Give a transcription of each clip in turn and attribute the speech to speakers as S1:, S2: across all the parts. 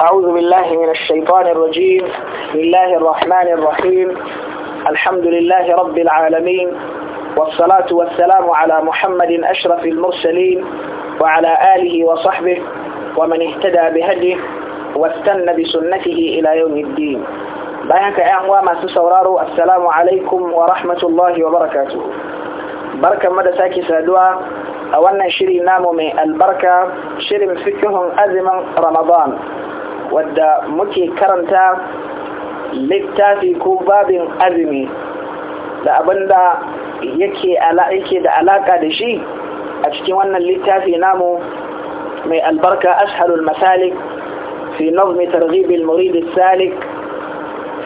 S1: أعوذ بالله من الشيطان الرجيم بسم الله الرحمن الرحيم الحمد لله رب العالمين والصلاة والسلام على محمد أشرف المرسلين وعلى آله وصحبه ومن اهتدى بهديه واستنى بسنته إلى يوم الدين بيانك أعوى ما تسوراروا السلام عليكم ورحمة الله وبركاته بركة مدى ساكي سادوا أولا شري نامو من البركة شري من فكهم أزما رمضان wadda muke karanta littafi ko babin azumi da abinda yake yake da alaka da shi a cikin wannan littafi namu mai albarka ashalul masalik fi nazmi targhib murid salik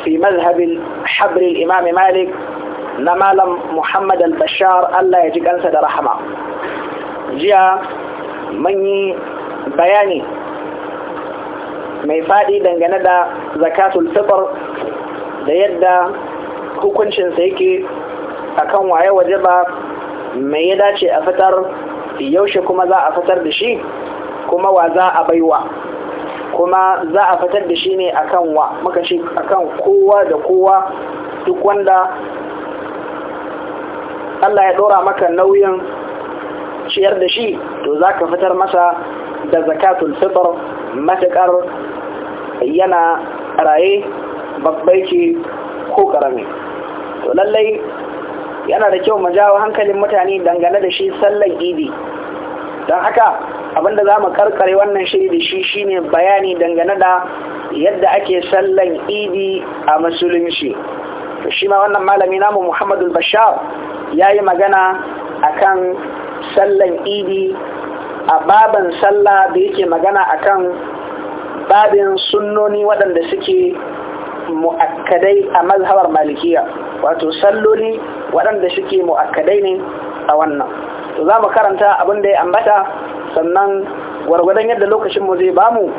S1: fi mazhabin Habril imami imam malik na malam muhammad al-bashar Allah ya ji kansa da rahama jiya mun bayani mai faɗi dangane da zakatul fitr da yadda hukuncinsa yake akan waye waje ba mai ya dace a fitar yaushe kuma za a fitar da shi kuma wa za a baiwa kuma za a fitar da shi ne akan wa muka ce akan kowa da kowa duk wanda Allah ya ɗora maka nauyin ciyar da shi to za ka fitar masa da zakatul fitr matuƙar yana raye babbai ce ko karami to lallai yana da kyau mu jawo hankalin mutane dangane da shi sallan idi don haka abinda za mu karkare wannan shiri da shi shine bayani dangane da yadda ake sallan idi a musulunci to shi ma wannan malami namu muhammadu bashar ya yi magana akan sallan idi a baban sallah da yake magana akan babin sunnoni waɗanda suke mu'akkadai a mazhabar malikiya wato salloli waɗanda suke mu'akkadai ne a wannan to za mu karanta abin da ya ambata sannan gwargwadon yadda lokacin mu zai bamu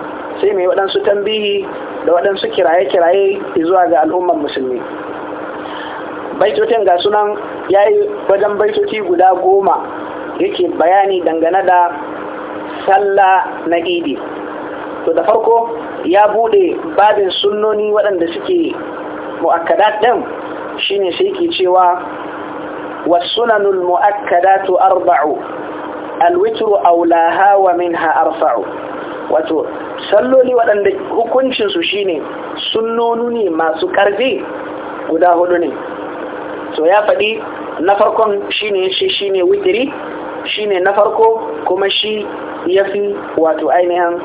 S1: sai mai waɗansu tambihi da waɗansu kiraye-kiraye zuwa ga al'ummar musulmi baitocin ga sunan ya yi wajen baitoci guda goma yake bayani dangane da sallah na idi to da farko ya bude babin sunnoni waɗanda suke mu'akkadat ɗin shine sai ke cewa والسنن arba'u أربع الوتر min ha arfa'u wato salloli waɗanda hukuncinsu shine sunnonu ne masu ƙarfi guda hudu ne to ya faɗi na farkon shine shi shine shi shine na farko kuma shi ya fi wato ainihin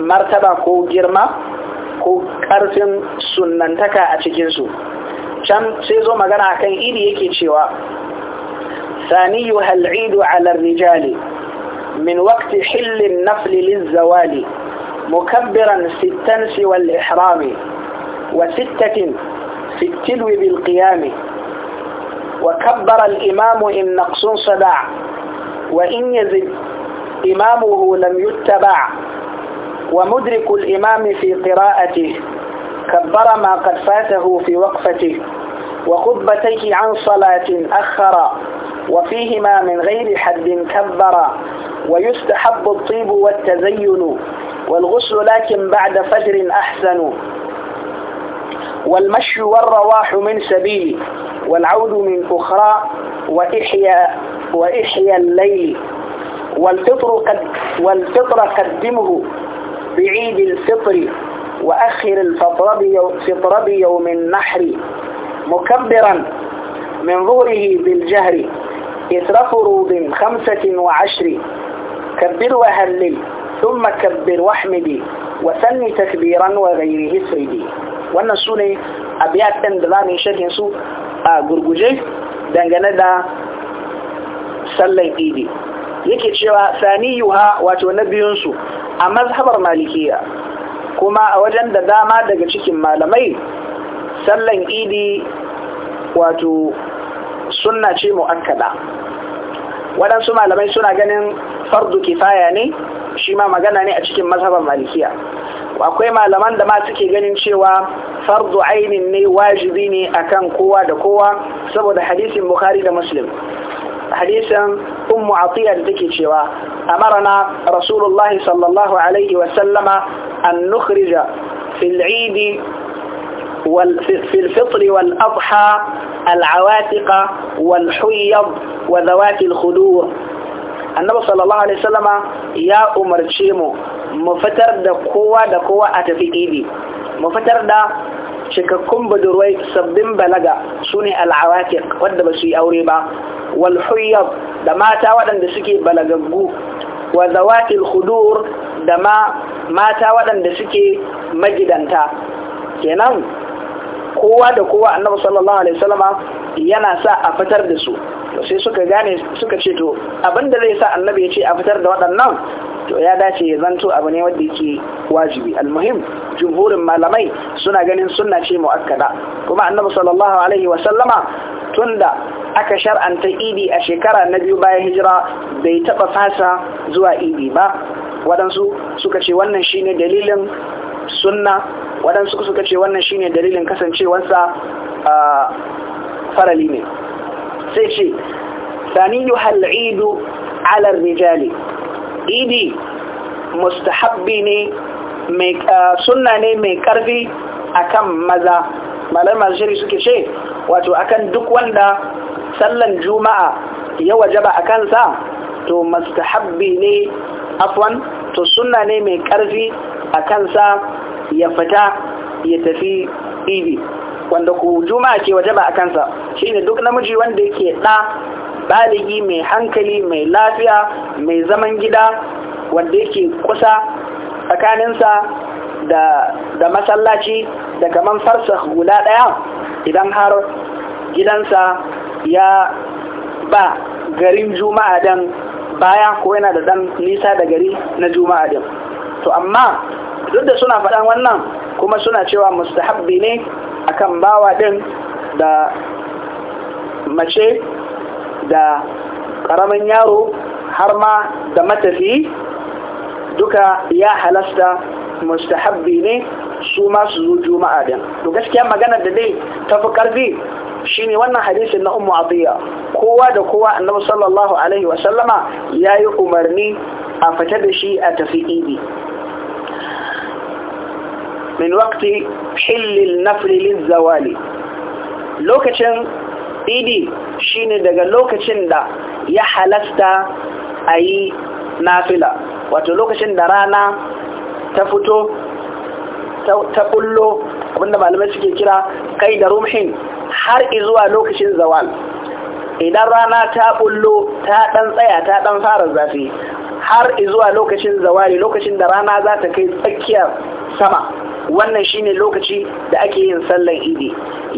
S1: martaba ko girma ko ƙarfin sunantaka a cikinsu can sai zo magana a kan iri yake cewa saniyu hal'idu ala rijali min waqti hillin nafli lizzawali mukabbiran sitan siwal ihrami wa sittatin fitilwi bilqiyami wa kabbara al'imamu in naqsun sada wa in yazid إمامه لم يتبع ومدرك الإمام في قراءته كبر ما قد فاته في وقفته وخطبتيه عن صلاة أخر وفيهما من غير حد كبر ويستحب الطيب والتزين والغسل لكن بعد فجر أحسن والمشي والرواح من سبيل والعود من أخرى وإحيا, وإحيا الليل والفطر قد والفطر قدمه بعيد الفطر وأخر الفطر بيو بيوم النحر مكبرا من ظهره بالجهر إثر فروض خمسة وعشر كبر وهلل ثم كبر واحمدي وسن تكبيرا وغيره سيدي وانا سوني ابيات abiyat ɗin da za mu yi shirkin su a gurguje yake cewa saniyuha wato na biyunsu a mazhabar malikiya kuma a wajen da dama daga cikin malamai sallan idi wato sunnace ce mu'akkada waɗansu malamai suna ganin fardu kifaya ne shi ma magana ne a cikin mazhabar malikiya akwai malaman da ma suke ganin cewa fardu ainin ne wajibi ne akan kowa da kowa saboda hadisin bukhari da muslim hadisin ummu atiya da take cewa amarna rasulullahi sallallahu alaihi wa sallama an nukhrija fil eid wal fil fitr wal adha al awatiq wal huyab wa dawati al khudur annabi sallallahu alaihi ya umarce mu mu fitar da kowa da kowa a tafi idi mu fitar da cikakkun budurwai sabbin balaga sune al al'awatik wadda ba su yi aure ba wal da mata waɗanda suke balagaggu wa zawatil hudur da ma mata waɗanda suke magidanta kenan kowa da kowa annabi sallallahu alaihi wasallama yana sa a fitar da su to sai suka gane suka ce to abinda zai sa annabi ya ce a fitar da waɗannan to ya dace ya zanto abu ne wanda yake wajibi almuhim jumhurin malamai suna ganin sunna ce muakkada kuma annabi sallallahu alaihi wasallama tunda aka shar'anta idi a shekara na biyu bayan hijira bai taba fasa zuwa idi ba waɗansu suka ce wannan shine dalilin sunna waɗansu suka ce wannan shine dalilin kasancewarsa a farali ne sai ce saniyu hal'idu alar rijali idi mustahabbi ne sunna ne mai karfi akan maza malar masu shiri suke ce wato akan duk wanda sallan juma'a ya wajaba a kansa to mustahabbi ne afwan to sunna ne mai karfi a kansa ya fita ya tafi idi wanda ku juma'a ke wajaba a kansa shine duk namiji wanda yake da baligi mai hankali mai lafiya mai zaman gida wanda yake kusa tsakaninsa da masallaci da kaman farsa guda daya idan har gidansa ya ba garin juma'a dan baya ko yana da dan nisa da gari na juma'a din to amma duk da suna faɗan wannan kuma suna cewa mustahabbi ne akan bawa din da mace da ƙaramin yaro har ma da matafi duka ya halasta mustahabbi ne su masu zo juma'a din to gaskiya magana da dai tafi karfi shine wannan hadisin na umu kowa da kowa annabi sallallahu alaihi wa sallama yi umarni a fita da shi a tafi idi min waqti hillil nafli zawali. lokacin idi shine daga lokacin da ya halasta ayi nafila wato lokacin da rana ta fito ta kullo abinda malamai suke kira kai da rumhin har izuwa lokacin zawal idan rana ta bullo ta dan tsaya ta dan fara zafi har izuwa lokacin zawali lokacin da rana za ta kai tsakiyar sama wannan shine lokaci da ake yin sallar idi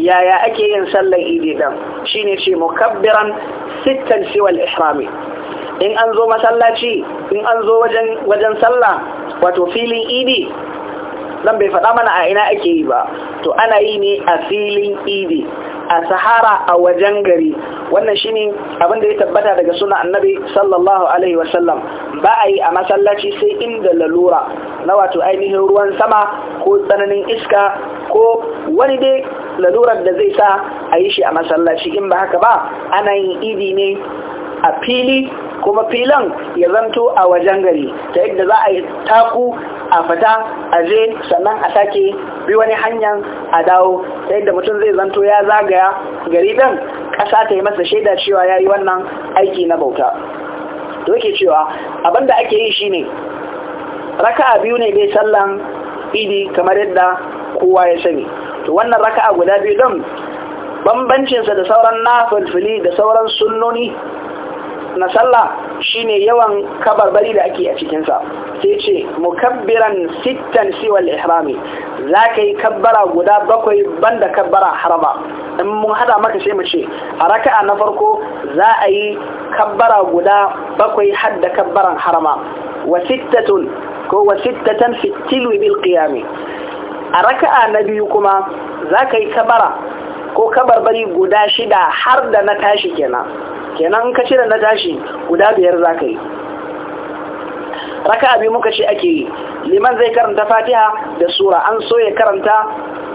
S1: yaya ake yin sallar idi dan shine ce mukabbiran sittan siwal ihrami in an zo masallaci in an zo wajen wajen sallah wato filin idi dan bai faɗa mana a ina ake yi ba to ana yi ne a filin idi a sahara a wajen gari wannan shine abin da ya tabbata daga suna annabi sallallahu alaihi wasallam ba a yi a masallaci sai inda lalura na wato ainihin ruwan sama ko tsananin iska ko wani dai lalurar da zai sa a yi shi a masallaci in ba haka ba ana yin idi ne a fili kuma filan ya zanto a wajen gari ta yadda za a yi taku a fata a je sannan a sake bi wani hanyar a dawo ta yadda mutum zai zanto ya zagaya gari ɗin ƙasa ta yi masa shaida cewa ya yi wannan aiki na bauta to yake cewa abinda ake yi shine raka'a biyu ne dai sallan idi kamar yadda kowa ya sani to wannan raka'a guda biyu ɗin bambancinsa da sauran nafilfili da sauran sunnoni na sallah shine yawan kabarbari da ake a cikinsa sai ce mukabbiran sittan siwal ihrami za ka yi kabbara guda bakwai banda kabbara harama in mun hada maka sai mu ce a raka'a na farko za a yi kabbara guda bakwai hadda kabbaran harama wa sittatun ko wa sittatan fi tilwi bil qiyami a raka'a na biyu kuma za ka yi kabara ko kabarbari guda shida har da na tashi kenan kenan ka cire na tashi guda biyar za ka yi raka'a biyu muka ce ake yi liman zai karanta fatiha da sura an so ya karanta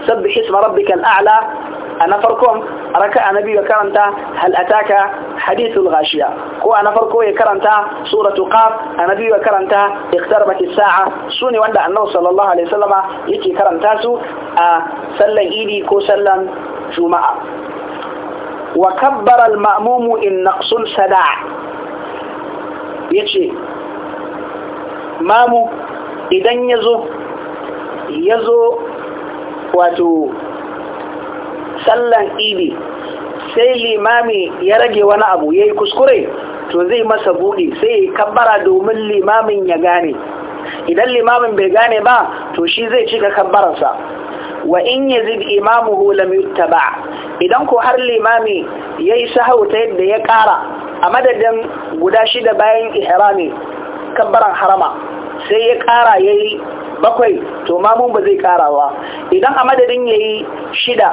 S1: sabbi hisma rabbikal a'la a na farkon raka na biyu karanta Hal'ataka hadithul ghashiya ko a na farko ya karanta suratu qaf a na biyu karanta iqtarabat as-sa'a sune wanda annabi sallallahu alaihi wasallama yake karanta su a sallan idi ko sallan juma'a wa kabbara al-ma'mum in naqsul sada yace mamu idan ya zo ya zo wato sallan idi sai limami ya rage wani abu ya yi kuskure to zai masa buɗe sai ya kabbara domin limamin ya gane idan limamin bai gane ba to shi zai cika kabbararsa wa in imamu imamuhu lam ba? idan ko har limami ya yi sahauta yadda ya ƙara, a madadin guda shida bayan ihrami kabbaran harama sai ya kara ya yi bakwai to mamun ba zai karawa idan a madadin ya yi shida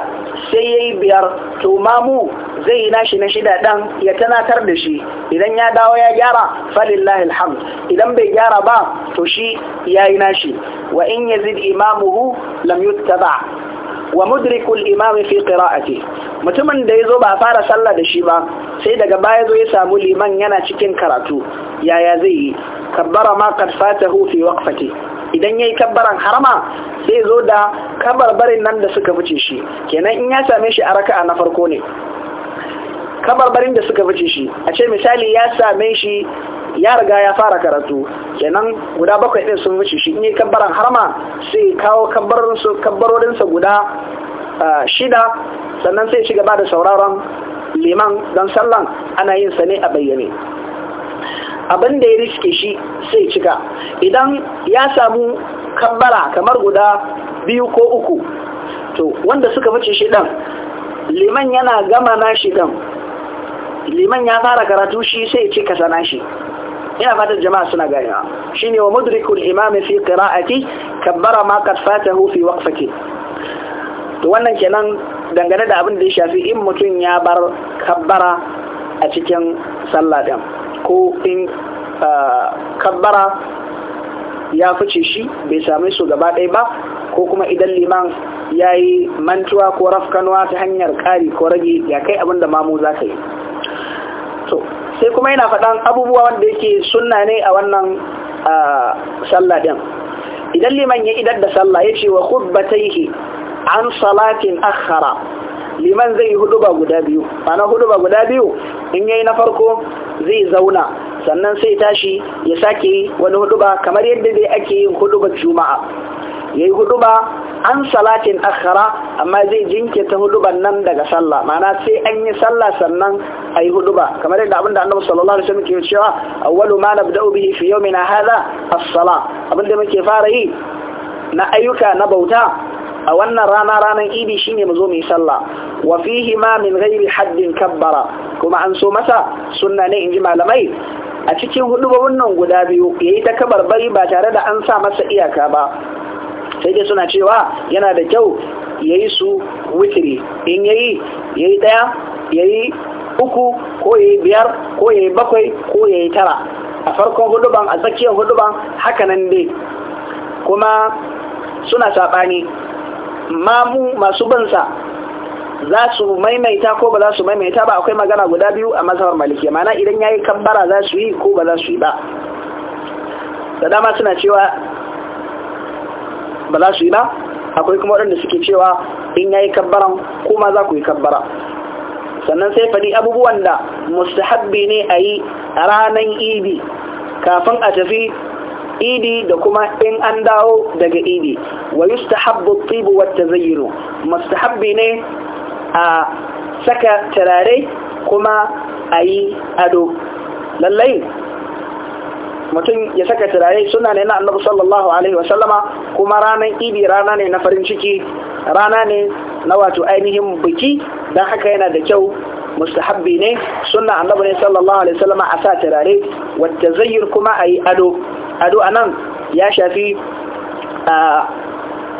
S1: sai ya yi biyar to mamu zai yi nashi na shida ɗan ya tanatar da shi idan ya dawo ya gyara falillahi alham, idan bai gyara ba to shi ya yi nashi wa in yazid imamuhu lam yuttaba wa mudrikul imami fi qira'ati mutumin da yazo ba fara sallah da shi ba sai daga baya zo ya samu liman yana cikin karatu yaya zai yi kabbara ma qad fatahu fi waqfati idan yayi kabbaran harama sai zo da barin nan da suka fice shi kenan in ya same shi a raka'a na farko ne kabarbarin da suka fice shi a ce misali ya same shi ya riga ya fara karatu kenan guda bakwai ɗin sun fice shi in yi kabbaran harma sai kawo kabbarorinsa guda shida sannan sai shiga ba da sauraron liman don sallan ana yin sa ne a bayyane abin da ya riske shi sai cika idan ya samu kabbara kamar guda biyu ko uku to wanda suka fice shi ɗan liman yana gama na shi liman ya fara karatu shi sai ce ka sana shi ina fatan jama'a suna ganewa shine wa mudrikul imam fi qira'ati kabbara ma qad fatahu fi waqfati to wannan kenan dangane da abin da ya shafi in mutum ya bar kabbara a cikin sallah din ko in kabbara ya fice shi bai sami su gaba ɗaya ba ko kuma idan liman ya yi mantuwa ko rafkanuwa ta hanyar ƙari ko rage ya kai abin da mamu za ka yi sai kuma yana faɗan abubuwa wanda yake sunna ne a wannan sallah ɗin. idan liman ya idar da sallah ya ce wa khutbataihi an salatin akhara liman zai yi huduba guda biyu ana huduba guda biyu in yayi na farko zai zauna sannan sai tashi ya sake wani huduba kamar yadda dai ake yin huduba juma'a yayi huduba an salatin akhara amma zai ta huduban nan daga sallah ma'ana sai an yi sallah sannan a yi huduba kamar yadda abinda annabu sallallahu alaihi wasallam ke cewa awwalu ma nabda'u bihi fi yawmina hadha as-salah abinda muke fara yi na ayyuka na bauta a wannan rana ranan idi shine mu zo mu yi sallah wa fihi ma min ghairi haddin kabbara kuma an so masa sunna ne inji malamai a cikin hudubar wannan guda biyu yayi ta bari ba tare da an sa masa iyaka ba sai dai suna cewa yana da kyau ya yi su witiri in ya yi ya yi ɗaya ya yi uku ko ya yi biyar ko ya yi bakwai ko ya yi tara a farkon huduban a tsakiyar huduban hakanan dai kuma suna saɓani mamu masu bansa za su maimaita ko ba za su maimaita ba akwai magana guda biyu a mazhabar maliki mana idan ya yi kambara za su yi ko ba za su yi ba da dama suna cewa ba za su yi ba akwai kuma waɗanda suke cewa in yayi kabbaran kuma za ku yi kabbara sannan sai faɗi abubuwan da mustahabbi ne a yi ranar idi kafin a tafi idi da kuma in an dawo daga idi wa yustahabbu tibu wa tazayyinu mustahabbi ne a saka turare kuma a yi ado lallai mutum ya saka turare suna ne na annabi sallallahu alaihi wasallama kuma ranar idi rana ne na farin ciki rana ne na wato ainihin biki don haka yana da kyau mustahabbi ne sunna annabi ne sallallahu alaihi wasallam a sa turare wata zayyar kuma a yi ado ado a nan ya shafi a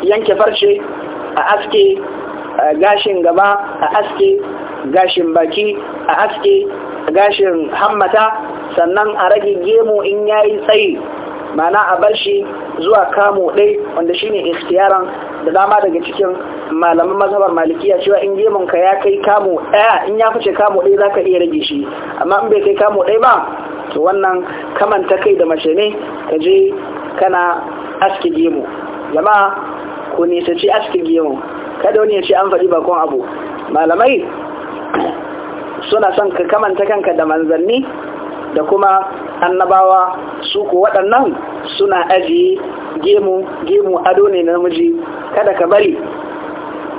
S1: yanke farce a aske gashin gaba a aske gashin baki a aske gashin hammata sannan a rage gemu in yayi tsayi mana a bar shi zuwa kamo ɗai wanda shi shine ikhtiyaran da dama daga cikin malaman mazhabar malikiya cewa in gemun ka ya kai kamo ɗaya in ya fice kamo ɗai zaka iya rage shi amma in bai kai kamo ɗai ba to wannan kamanta kai da mace ne ka je kana aski gemu jama'a ku nisaci aski gemu kada wani ya ce an faɗi bakon abu malamai suna son ka kamanta kanka da manzanni da kuma annabawa su ku waɗannan suna ajiye gemu gemu ado ne na namiji kada ka bari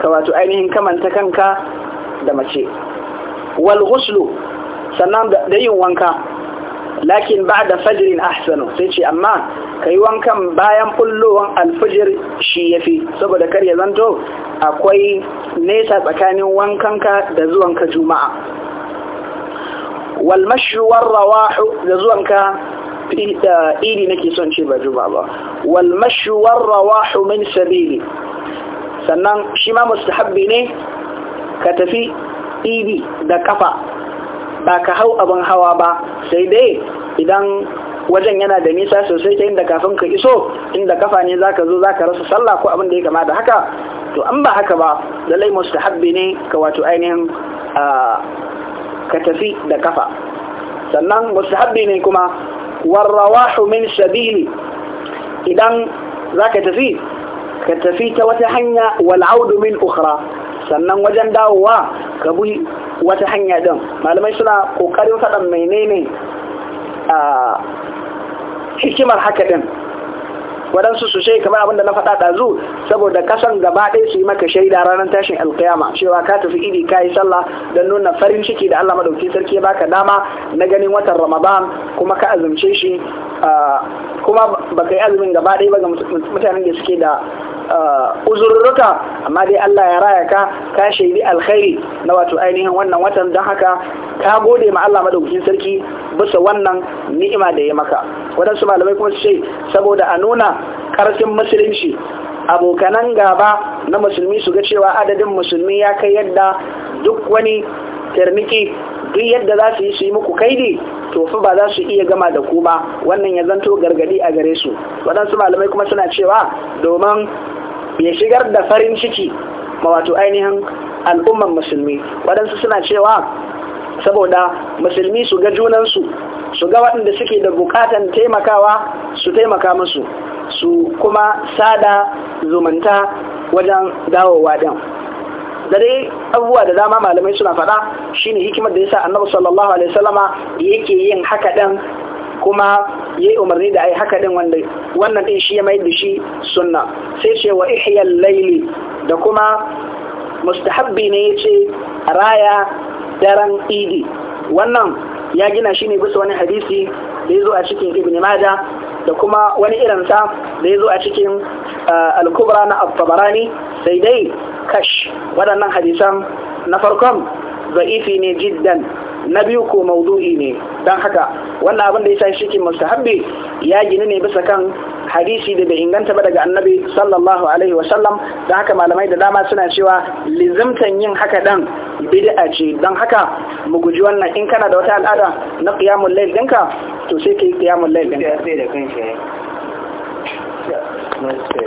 S1: ka wato ainihin kamanta kanka da mace wal ghuslu sannan da yin wanka lakin ba'da fajrin ahsanu sai ce amma kai wankan bayan kullowan alfajir shi yafi saboda kar ya zanto akwai nesa tsakanin wankanka da zuwanka juma'a wal mashyu war da zuwanka iri nake son ce ba ba wal mashu rawahu min sabili sannan shi ma mustahabbi ne ka tafi iri da kafa ba ka hau abin hawa ba sai dai idan wajen yana da nisa sosai ta inda kafin ka iso inda kafa ne zaka zo zaka rasa sallah ko abin da ya kama da haka to an ba haka ba lallai mustahabbi ne ka wato ainihin ah, ka tafi da kafa sannan mustahabbi ne kuma warrawahu min sabili idan zaka tafi ka tafi ta wata hanya wal'audu min ukhra sannan wajen dawowa ka bi wata hanya din malamai suna kokarin faɗan menene a hikimar haka din waɗansu su ce kamar abinda na faɗa ɗazu saboda kasan gaba ɗaya su yi maka shaida ranar tashin alkiyama cewa ka tafi iri ka yi sallah don nuna farin ciki da Allah madauki sarki ya baka dama na ganin watan ramadan kuma ka azumce shi kuma baka yi azumin gaba ɗaya ba ga mutanen da suke da Uh, uzurruka amma dai Allah ya raya ka ka shaidi alkhairi na wato ainihin wannan watan don haka ka gode ma Allah madaukakin sarki bisa wannan ni'ima da ya maka waɗansu malamai kuma su ce saboda a nuna ƙarfin musulunci abokanan gaba na musulmi su ga cewa adadin musulmi ya kai yadda duk wani tarniki duk yadda za su yi su yi muku kaidi to fa ba za su iya gama da ku ba wannan ya zanto gargadi a gare su waɗansu malamai kuma suna cewa domin ya shigar da farin ciki ma wato ainihin al'umman musulmi waɗansu suna cewa saboda musulmi su ga junansu su ga waɗanda suke da bukatan taimakawa su taimaka musu su kuma sada zumunta wajen dawowa ɗin da dai abubuwa da dama malamai suna faɗa shine hikimar da yasa annabi sallallahu alaihi wasallama yake yin haka ɗin kuma yi umarni da ai haka din wanda wannan ɗin shi ya mai da shi sunna sai ce wa ihyal layli da kuma mustahabbi ne ce raya daren idi wannan ya gina shi ne bisa wani hadisi da ya zo a cikin ibn Majah da kuma wani irinsa da ya zo a cikin uh, al-kubra na al-tabarani sai dai kash waɗannan hadisan na farkon za'ifi ne jiddan na biyu ko maudu'i ne dan haka wannan abin da ya sai ke mustahabbi ya gina ne bisa kan hadisi da bai inganta ba daga annabi sallallahu alaihi wa sallam dan haka malamai da dama suna cewa lizimtan yin haka dan bid'a ce dan haka mu guji wannan in kana da wata al'ada na qiyamul layl dinka to sai kai qiyamul layl dinka